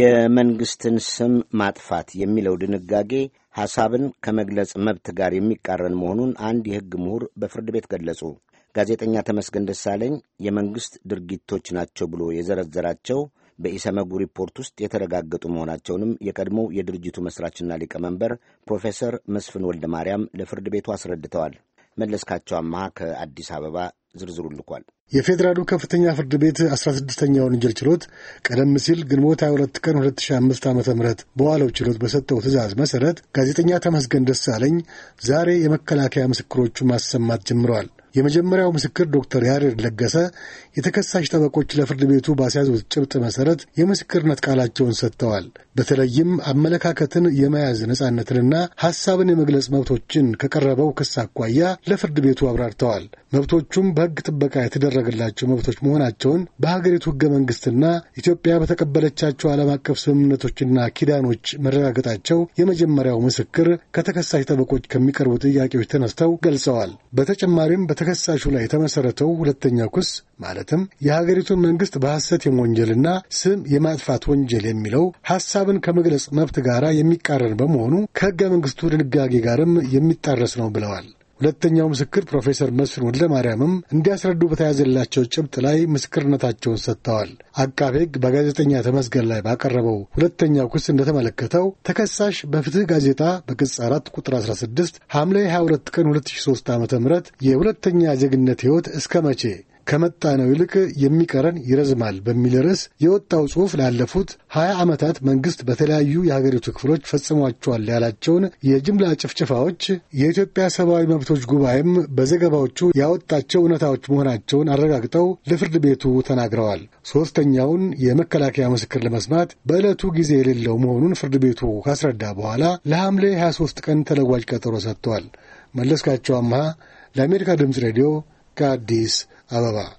የመንግሥትን ስም ማጥፋት የሚለው ድንጋጌ ሐሳብን ከመግለጽ መብት ጋር የሚቃረን መሆኑን አንድ የሕግ ምሁር በፍርድ ቤት ገለጹ። ጋዜጠኛ ተመስገን ደሳለኝ የመንግሥት ድርጊቶች ናቸው ብሎ የዘረዘራቸው በኢሰመጉ ሪፖርት ውስጥ የተረጋገጡ መሆናቸውንም የቀድሞው የድርጅቱ መስራችና ሊቀመንበር ፕሮፌሰር መስፍን ወልደ ማርያም ለፍርድ ቤቱ አስረድተዋል። መለስካቸው አመሃ ከአዲስ አበባ ዝርዝሩ ልኳል። የፌዴራሉ ከፍተኛ ፍርድ ቤት 16ኛ ወንጀል ችሎት ቀደም ሲል ግንቦት 22 ቀን 2005 ዓ ም በዋለው ችሎት በሰጠው ትዕዛዝ መሠረት ጋዜጠኛ ተመስገን ደሳለኝ ዛሬ የመከላከያ ምስክሮቹ ማሰማት ጀምረዋል። የመጀመሪያው ምስክር ዶክተር ያሬድ ለገሰ የተከሳሽ ጠበቆች ለፍርድ ቤቱ ባስያዙት ጭብጥ መሠረት የምስክርነት ቃላቸውን ሰጥተዋል። በተለይም አመለካከትን የመያዝ ነጻነትንና ሐሳብን የመግለጽ መብቶችን ከቀረበው ክስ አኳያ ለፍርድ ቤቱ አብራርተዋል። መብቶቹም በሕግ ጥበቃ የተደረገላቸው መብቶች መሆናቸውን በሀገሪቱ ሕገ መንግሥትና ኢትዮጵያ በተቀበለቻቸው ዓለም አቀፍ ስምምነቶችና ኪዳኖች መረጋገጣቸው የመጀመሪያው ምስክር ከተከሳሽ ጠበቆች ከሚቀርቡ ጥያቄዎች ተነስተው ገልጸዋል። በተጨማሪም በተከሳሹ ላይ የተመሠረተው ሁለተኛው ክስ ማለትም የሀገሪቱን መንግሥት በሐሰት የመወንጀልና ስም የማጥፋት ወንጀል የሚለው ሐሳብ ሐሳብን ከመግለጽ መብት ጋር የሚቃረን በመሆኑ ከሕገ መንግሥቱ ድንጋጌ ጋርም የሚጣረስ ነው ብለዋል። ሁለተኛው ምስክር ፕሮፌሰር መስፍን ማርያምም እንዲያስረዱ በተያዘላቸው ጭብጥ ላይ ምስክርነታቸውን ሰጥተዋል። አቃቤ ሕግ በጋዜጠኛ ተመስገን ላይ ባቀረበው ሁለተኛው ክስ እንደተመለከተው ተከሳሽ በፍትህ ጋዜጣ በቅጽ 4 ቁጥር 16 ሐምሌ 22 ቀን 2003 ዓ ም የሁለተኛ ዜግነት ሕይወት እስከ መቼ ከመጣ ነው ይልቅ የሚቀረን ይረዝማል በሚል ርዕስ የወጣው ጽሑፍ ላለፉት ሀያ ዓመታት መንግሥት በተለያዩ የሀገሪቱ ክፍሎች ፈጽሟቸዋል ያላቸውን የጅምላ ጭፍጭፋዎች የኢትዮጵያ ሰብአዊ መብቶች ጉባኤም በዘገባዎቹ ያወጣቸው እውነታዎች መሆናቸውን አረጋግጠው ለፍርድ ቤቱ ተናግረዋል። ሦስተኛውን የመከላከያ ምስክር ለመስማት በዕለቱ ጊዜ የሌለው መሆኑን ፍርድ ቤቱ ካስረዳ በኋላ ለሐምሌ 23 ቀን ተለዋጭ ቀጠሮ ሰጥቷል። መለስካቸው አምሃ ለአሜሪካ ድምፅ ሬዲዮ Addis Ababa.